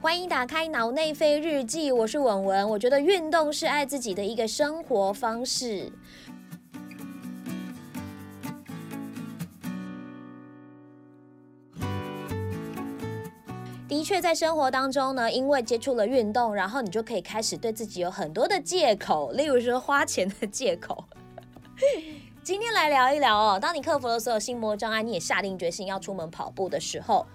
歡迎打開腦內啡日記，我是文文。我覺得運動是愛自己的一個生活方式。的確，在生活當中呢，因為接觸了運動，然後你就可以開始對自己有很多的借口，例如說花錢的借口。 今天來聊一聊哦，當你克服了所有心魔障礙，你也下定決心要出門跑步的時候。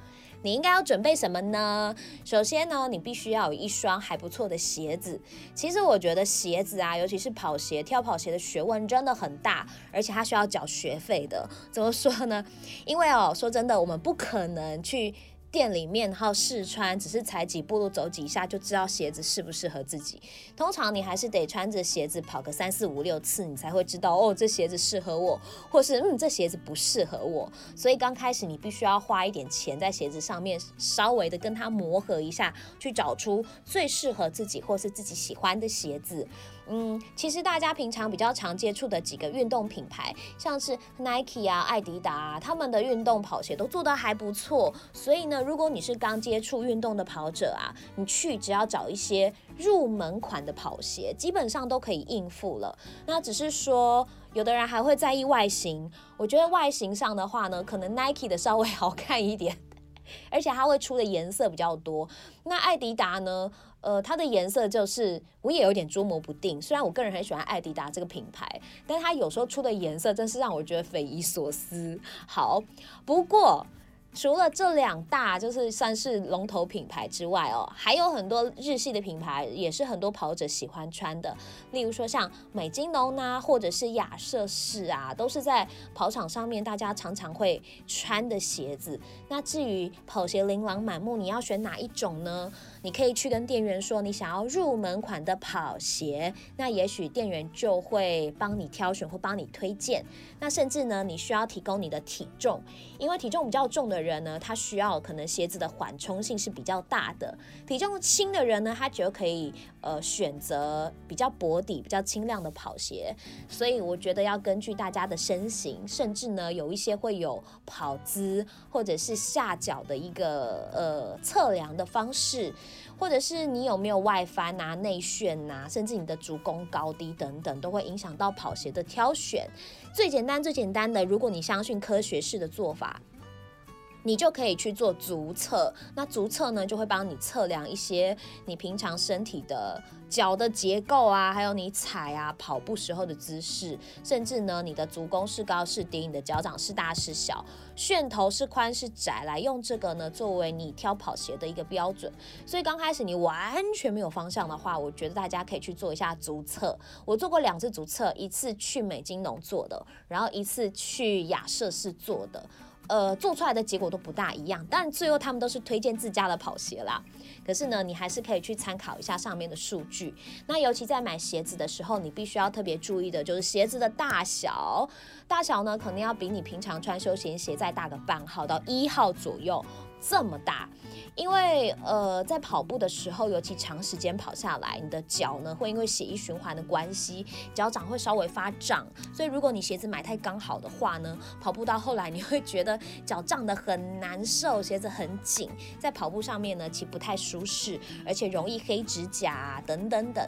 你應該要準備什麼呢？首先呢，你必須要有一雙還不錯的鞋子。其實我覺得鞋子啊，尤其是跑鞋，挑跑鞋的學問真的很大，而且它需要繳學費的。怎麼說呢？因為哦，說真的，我們不可能去。店裡面好試穿，只是踩幾步路走幾下就知道鞋子適不適合自己。通常你還是得穿着鞋子跑個三四五六次，你才會知道哦，這鞋子適合我，或是嗯，這鞋子不適合我。所以剛開始你必須要花一點錢在鞋子上面，稍微的跟它磨合一下，去找出最適合自己或是自己喜歡的鞋子。嗯，其實大家平常比較常接觸的幾個運動品牌，像是 Nike 啊、愛迪達啊，他們的運動跑鞋都做得還不錯。所以呢，如果你是剛接觸運動的跑者啊，你去只要找一些入門款的跑鞋，基本上都可以應付了。那只是說，有的人還會在意外形，我覺得外形上的話呢，可能 Nike 的稍微好看一點，而且它會出的顏色比較多。那愛迪達呢？呃，它的顏色就是我也有點捉摸不定。雖然我個人很喜歡愛迪達這個品牌，但它有時候出的顏色真是讓我覺得匪夷所思。好，不過。除了這兩大就是算是龍頭品牌之外哦、喔，還有很多日系的品牌也是很多跑者喜歡穿的，例如說像美津濃吶，或者是亞瑟士啊，都是在跑場上面大家常常會穿的鞋子。那至於跑鞋琳琅滿目，你要選哪一種呢？你可以去跟店員說你想要入門款的跑鞋，那也許店員就會幫你挑選或幫你推薦。那甚至呢，你需要提供你的體重，因為體重比較重的人。人呢，他需要可能鞋子的緩衝性是比較大的。體重輕的人呢，他就可以呃選擇比較薄底，比較輕量的跑鞋。所以我覺得要根據大家的身形，甚至呢，有一些會有跑姿或者是下腳的一個呃測量的方式，或者是你有沒有外翻吶、啊、內旋吶，甚至你的足弓高低等等，都會影響到跑鞋的挑選。最簡單、最簡單的，如果你相信科學式的做法。你就可以去做足測，那足測呢就會幫你測量一些你平常身體的腳的結構啊，還有你踩啊、跑步時候的姿勢，甚至呢你的足弓是高是低，你的腳掌是大是小，楦頭是寬是窄，來用這個呢作為你挑跑鞋的一個標準。所以剛開始你完全沒有方向的話，我覺得大家可以去做一下足測。我做過兩次足測，一次去美津濃做的，然後一次去亞瑟士做的。呃，做出來的結果都不大一樣，但最後他們都是推薦自家的跑鞋啦。可是呢，你還是可以去參考一下上面的數據。那尤其在買鞋子的時候，你必須要特別注意的就是鞋子的大小。大小呢，可能要比你平常穿休閒鞋再大個半號到一號左右。這麼大，因為呃，在跑步的時候，尤其長時間跑下來，你的腳呢會因為血液循環的關係，腳掌會稍微發脹。所以如果你鞋子買太剛好的話呢，跑步到後來你會覺得腳脹得很難受，鞋子很緊，在跑步上面呢，其實不太舒適，而且容易黑指甲等等等。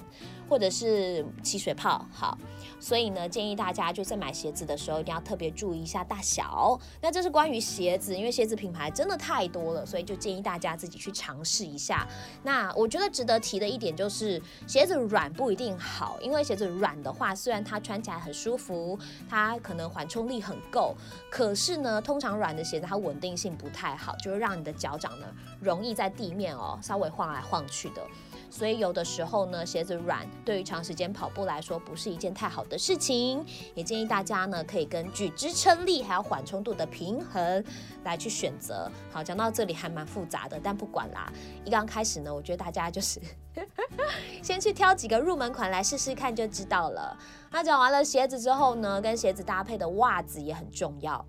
或者是起水泡，好，所以呢，建議大家就在買鞋子的時候一定要特別注意一下大小哦。那這是關於鞋子，因為鞋子品牌真的太多了，所以就建議大家自己去嘗試一下。那我覺得值得提的一點就是，鞋子軟不一定好，因為鞋子軟的話，雖然它穿起來很舒服，它可能緩衝力很夠，可是呢，通常軟的鞋子它穩定性不太好，就會讓你的腳掌呢容易在地面哦稍微晃來晃去的。所以有的時候呢，鞋子軟對於長時間跑步來說不是一件太好的事情，也建議大家呢可以根據支撐力還有緩衝度的平衡來去選擇。好，講到這裡還蠻複雜的，但不管啦，一剛開始呢，我覺得大家就是 先去挑幾個入門款來試試看就知道了。那講完了鞋子之後呢，跟鞋子搭配的襪子也很重要。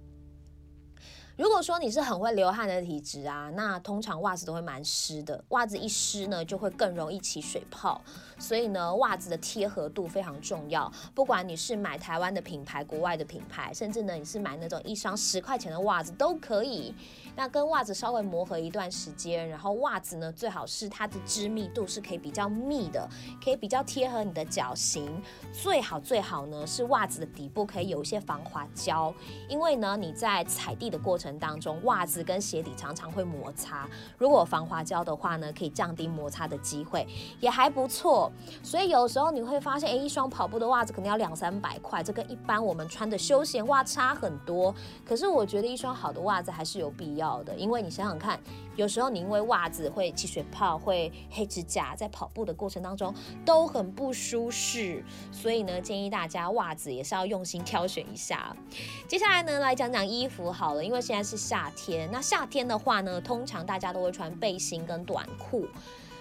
如果說你是很會流汗的體質啊，那通常襪子都會蠻濕的。襪子一濕呢，就會更容易起水泡。所以呢，襪子的貼合度非常重要。不管你是買台灣的品牌、國外的品牌，甚至呢，你是買那種一雙十塊錢的襪子都可以。那跟襪子稍微磨合一段時間，然後襪子呢，最好是它的織密度是可以比較密的，可以比較貼合你的腳型。最好最好呢，是襪子的底部可以有一些防滑膠，因為呢，你在踩地的過程當中，襪子跟鞋底常常會摩擦，如果防滑膠的話呢，可以降低摩擦的機會，也還不錯。所以有時候你會發現，誒、欸，一雙跑步的襪子可能要兩三百塊，這跟一般我們穿的休閒襪差很多。可是我覺得一雙好的襪子還是有必要的，因為你想想看。有時候你因為襪子會起水泡，會黑指甲，在跑步的過程當中都很不舒適，所以呢，建議大家襪子也是要用心挑選一下。接下來呢，來講講衣服好了，因為現在是夏天，那夏天的話呢，通常大家都會穿背心跟短褲。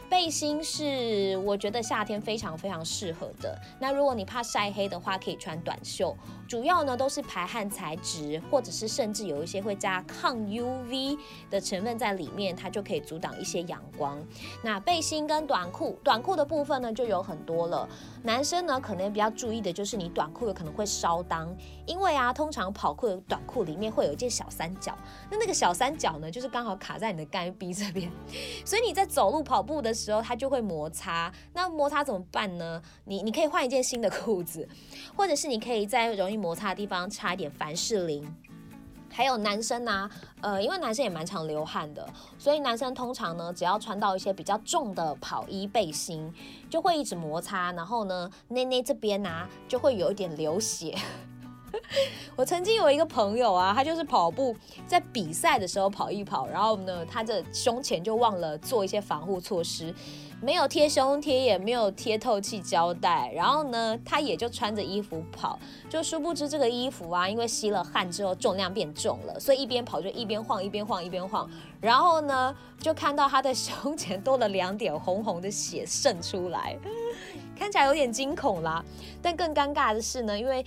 背心是我覺得夏天非常非常適合的。那如果你怕曬黑的話，可以穿短袖。主要呢都是排汗材質，或者是甚至有一些會加抗 UV 的成分在裡面，它就可以阻擋一些陽光。那背心跟短褲，短褲的部分呢就有很多了。男生呢可能也比較注意的就是你短褲有可能會燒襠，因為啊，通常跑酷的短褲裡面會有一件小三角，那那個小三角呢就是剛好卡在你的干臂這邊，所以你在走路跑步的時候，時候它就會摩擦，那摩擦怎麼辦呢？你你可以換一件新的褲子，或者是你可以在容易摩擦的地方擦一點凡士林。還有男生呢、啊，呃，因為男生也蠻常流汗的，所以男生通常呢，只要穿到一些比較重的跑衣背心，就會一直摩擦，然後呢，內內這邊呢、啊、就會有一點流血。 我曾經有一個朋友啊，他就是跑步，在比賽的時候跑一跑，然後呢，他的胸前就忘了做一些防護措施，沒有貼胸貼也，也沒有貼透氣膠帶，然後呢，他也就穿着衣服跑，就殊不知這個衣服啊，因為吸了汗之後重量變重了，所以一邊跑就一邊晃，一邊晃，一邊晃，然後呢，就看到他的胸前多了兩點紅紅的血滲出來，看起來有點驚恐啦。但更尷尬的是呢，因為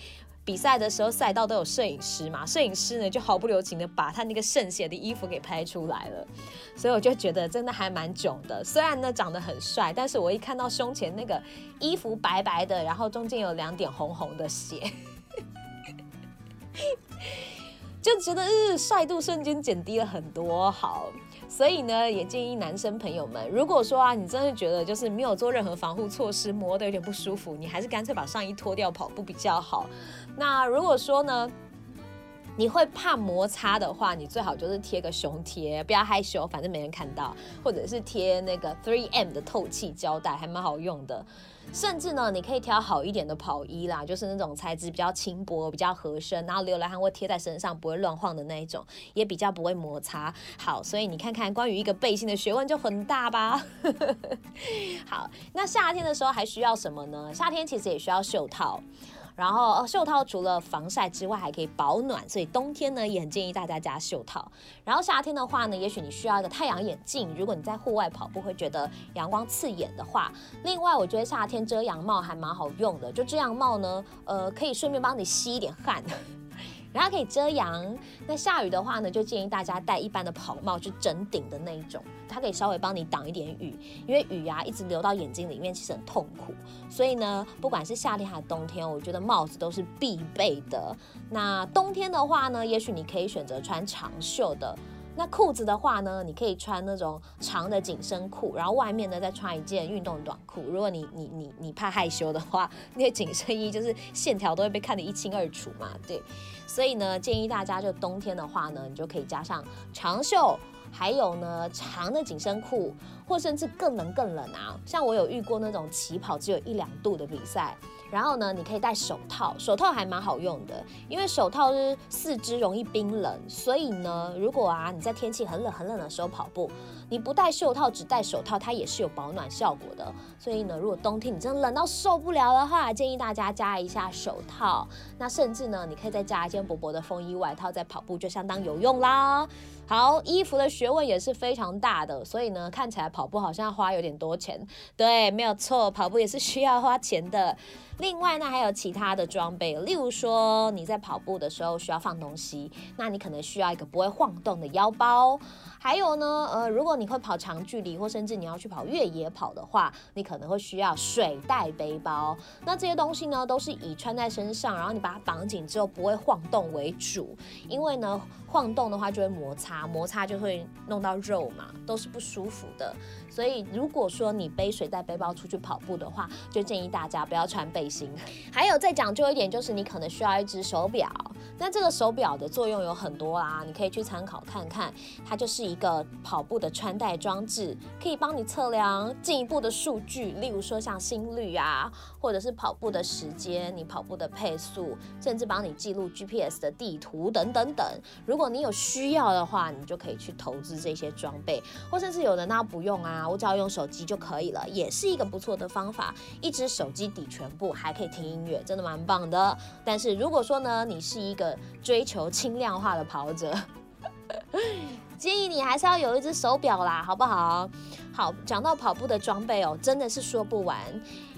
比賽的時候賽道都有攝影師嘛，攝影師呢就毫不留情的把他那個滲血的衣服給拍出來了，所以我就覺得真的還蠻囧的。雖然呢長得很帥，但是我一看到胸前那個衣服白白的，然後中間有兩點紅紅的血， 就覺得嗯，帥、呃、度瞬間減低了很多。好，所以呢也建議男生朋友們，如果說啊你真的覺得就是沒有做任何防護措施，磨得有點不舒服，你還是乾脆把上衣脫掉跑步比較好。那如果說呢，你會怕摩擦的話，你最好就是貼個胸貼，不要害羞，反正沒人看到，或者是貼那個 3M 的透氣膠帶，還蠻好用的。甚至呢，你可以挑好一點的跑衣啦，就是那種材質比較輕薄、比較合身，然後流了汗會貼在身上，不會亂晃的那一種，也比較不會摩擦。好，所以你看看關於一個背心的學問就很大吧。 好，那夏天的時候還需要什麼呢？夏天其實也需要袖套。然後，呃，袖套除了防曬之外，還可以保暖，所以冬天呢，也很建議大家加袖套。然後夏天的話呢，也許你需要一個太陽眼鏡，如果你在戶外跑步會覺得陽光刺眼的話。另外，我覺得夏天遮陽帽還蠻好用的，就遮陽帽呢，呃，可以順便幫你吸一點汗。然後可以遮陽，那下雨的話呢，就建議大家戴一般的跑帽，就整頂的那一種，它可以稍微幫你擋一點雨，因為雨啊一直流到眼睛裡面其實很痛苦。所以呢，不管是夏天還是冬天，我覺得帽子都是必備的。那冬天的話呢，也許你可以選擇穿長袖的。那褲子的話呢，你可以穿那種長的緊身褲，然後外面呢再穿一件運動短褲。如果你你你你怕害羞的話，那緊身衣就是線條都會被看得一清二楚嘛。對，所以呢，建議大家就冬天的話呢，你就可以加上長袖，還有呢長的緊身褲，或甚至更冷更冷啊。像我有遇過那種起跑只有一兩度的比賽。然後呢，你可以戴手套，手套還蠻好用的，因為手套是四肢容易冰冷，所以呢，如果啊你在天氣很冷很冷的時候跑步。你不戴袖套，只戴手套，它也是有保暖效果的。所以呢，如果冬天你真的冷到受不了的話，建議大家加一下手套。那甚至呢，你可以再加一件薄薄的風衣外套，在跑步就相當有用啦。好，衣服的學問也是非常大的。所以呢，看起來跑步好像要花有點多錢。對，沒有錯，跑步也是需要花錢的。另外呢，還有其他的裝備，例如說你在跑步的時候需要放東西，那你可能需要一個不會晃動的腰包。還有呢，呃，如果你會跑長距離，或甚至你要去跑越野跑的話，你可能會需要水袋背包。那這些東西呢，都是以穿在身上，然後你把它綁緊之後不會晃動為主。因為呢，晃動的話就會摩擦，摩擦就會弄到肉嘛，都是不舒服的。所以如果說你背水袋背包出去跑步的話，就建議大家不要穿背心。還有再講究一點，就是你可能需要一隻手錶。那這個手錶的作用有很多啦，你可以去參考看看，它就是。一個跑步的穿戴裝置，可以幫你測量進一步的數據，例如說像心率啊，或者是跑步的時間、你跑步的配速，甚至幫你記錄 GPS 的地圖等等等。如果你有需要的話，你就可以去投資這些裝備，或甚至有人呢不用啊，我只要用手機就可以了，也是一個不錯的方法，一支手機抵全部，還可以聽音樂，真的蠻棒的。但是如果說呢，你是一個追求輕量化的跑者。 建議你還是要有一隻手錶啦，好不好？跑講到跑步的裝備哦，真的是說不完，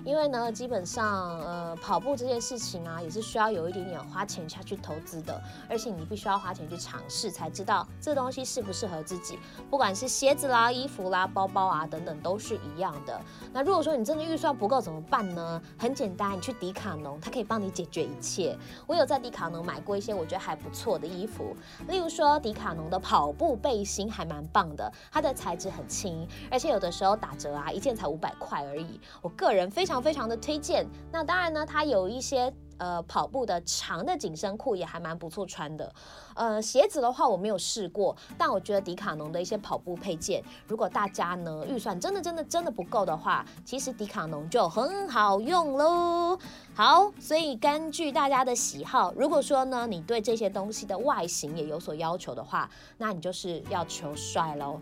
因為呢，基本上呃跑步這件事情啊，也是需要有一點點花錢下去投資的，而且你必須要花錢去嘗試才知道這東西適不適合自己。不管是鞋子啦、衣服啦、包包啊等等，都是一樣的。那如果說你真的預算不夠怎麼辦呢？很簡單，你去迪卡儂，它可以幫你解決一切。我有在迪卡儂買過一些我覺得還不錯的衣服，例如說迪卡儂的跑步背心還蠻棒的，它的材質很輕，而且。有的時候打折啊，一件才五百塊而已。我個人非常非常的推薦。那當然呢，它有一些。呃，跑步的長的緊身褲也還蠻不錯穿的。呃，鞋子的話我沒有試過，但我覺得迪卡儂的一些跑步配件，如果大家呢預算真的真的真的不夠的話，其實迪卡儂就很好用嘍。好，所以根據大家的喜好，如果說呢你對這些東西的外形也有所要求的話，那你就是要求帥嘍。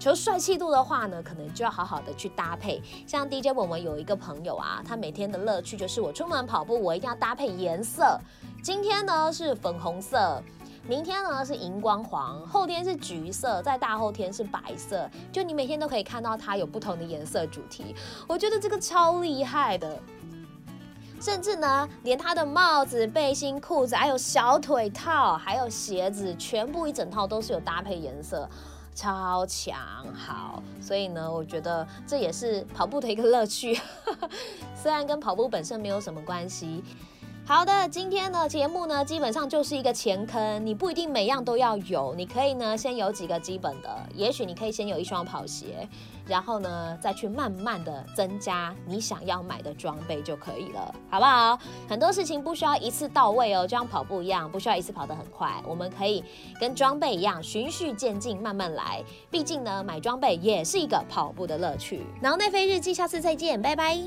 求帥氣度的話呢，可能就要好好的去搭配。像 DJ 我們有一個朋友啊，他每天的樂趣就是我出門跑步，我一定要。搭配顏色，今天呢是粉紅色，明天呢是熒光黃，後天是橘色，再大後天是白色。就你每天都可以看到它有不同的顏色主題，我覺得這個超厲害的。甚至呢，連它的帽子、背心、褲子，還有小腿套，還有鞋子，全部一整套都是有搭配顏色，超強。好，所以呢，我覺得這也是跑步的一個樂趣， 雖然跟跑步本身沒有什麼關係。好的，今天的節目呢，基本上就是一個錢坑。你不一定每樣都要有，你可以呢先有幾個基本的，也許你可以先有一雙跑鞋，然後呢再去慢慢的增加你想要買的裝備就可以了，好不好？很多事情不需要一次到位哦、喔，就像跑步一樣，不需要一次跑得很快，我們可以跟裝備一樣循序漸進，慢慢來，畢竟呢買裝備也是一個跑步的樂趣。然後內啡日記，下次再見，拜拜。